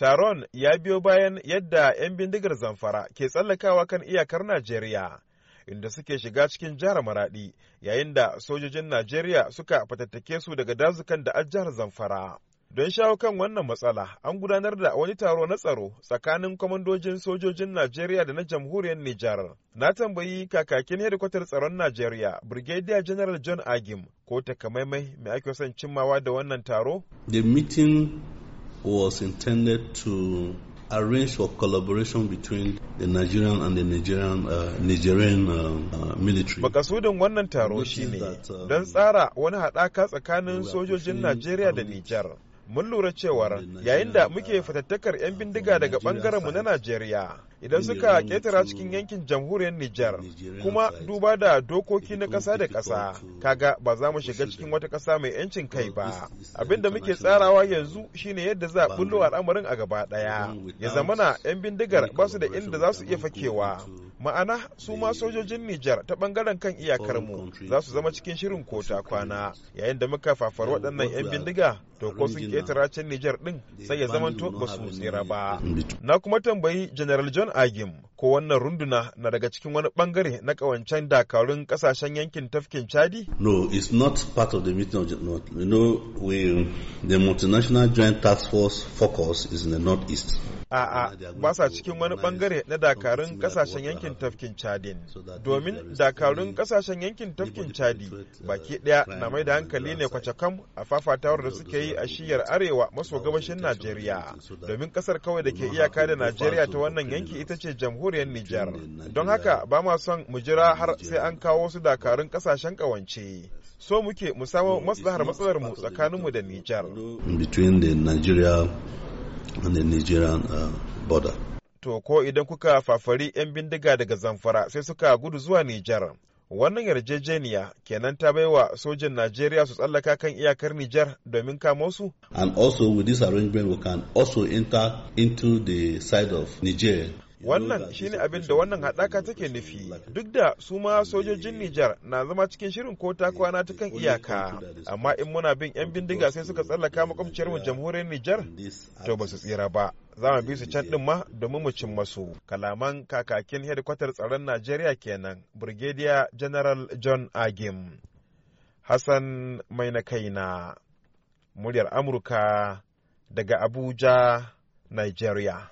Taron ya biyo bayan yadda 'yan bindigar zamfara ke tsallakawa kan iyakar Najeriya, inda suke shiga cikin jihar Maradi, yayin da sojojin Najeriya suka fatattake su daga dazukan da jihar zamfara. Don shawo kan wannan matsala, an gudanar da wani taro na tsaro tsakanin kwamandojin sojojin Najeriya da na jamhuriyar Nijar. Na tambayi kakakin hedikwatar tsaron Najeriya, Brigadier General John Agim, ko takamaimai mai ake son cimmawa da wannan taro? The meeting was intended to arrange for collaboration between the Nigerian and the Nigerian, uh, Nigerian uh, uh, military. Makasudin wannan taro shi ne um, don tsara wani haɗaka tsakanin sojojin Najeriya da Nijar. Mun lura cewar yayin da muke uh, fatattakar 'yan uh, bindiga daga mu na Najeriya. idan suka ketara cikin yankin jamhuriyar Nijar kuma duba da dokoki na ƙasa da ƙasa kaga ba za mu shiga cikin wata ƙasa mai 'yancin kai ba abinda muke tsarawa yanzu shine yadda za a bullo al'amarin a gaba ɗaya ya zamana 'yan bindigar ba su da inda za su iya fakewa ma'ana su ma sojojin Nijar ta bangaren kan iyakarmu za su zama cikin shirin kota kwana yayin da muka fafar waɗannan 'yan bindiga to ko sun ketara can Nijar ɗin sai ya zamanto ba su tsira ba na kuma tambayi General John Agim ko wannan runduna na daga cikin wani bangare na kawancen dakarun kasashen yankin tafkin chadi? no it's not part of the meeting of the you know we the multinational joint task force focus is in the northeast A'a, ba sa cikin wani bangare na dakarun kasashen yankin tafkin Chadin. Domin dakarun kasashen yankin tafkin Chadi uh, baki ɗaya na mai da hankali ne kwace kam a fafatawar da suke yi a shiyar arewa maso gabashin Najeriya. Domin kasar kawai da ke iyaka da Najeriya ta wannan yanki ita ce jamhuriyar jamhuriyar Nijar. Don haka ba ma son mu jira har sai an kawo su dakarun kasashen kawance So muke mu samo maslahar matsalar mu tsakaninmu da Nijar. Between the Nigeria and the Nigerian uh, border. To ko idan kuka fafari 'yan bindiga daga zamfara sai suka gudu zuwa Nijar. Wannan yarjejeniya kenan ta baiwa sojin Najeriya su tsallaka kan iyakar Nijar domin kamo su? And also with this arrangement we can also enter into the side of Niger. Wannan shine abin da wannan haɗaka take nufi. Duk da su ma sojojin Nijar na zama cikin shirin ko ta eh, kwana ta eh, kan iyaka. Amma in muna bin 'yan bindiga sai suka tsallaka makwabciyar mu jamhuriyar Nijar, to ba su tsira ba. Za mu bi su can din ma domin mu cin masu. Kalaman kakakin hedikwatar tsaron Najeriya kenan, Brigadier General John Agim. Hassan mai na kaina, muryar Amurka daga Abuja, Nigeria.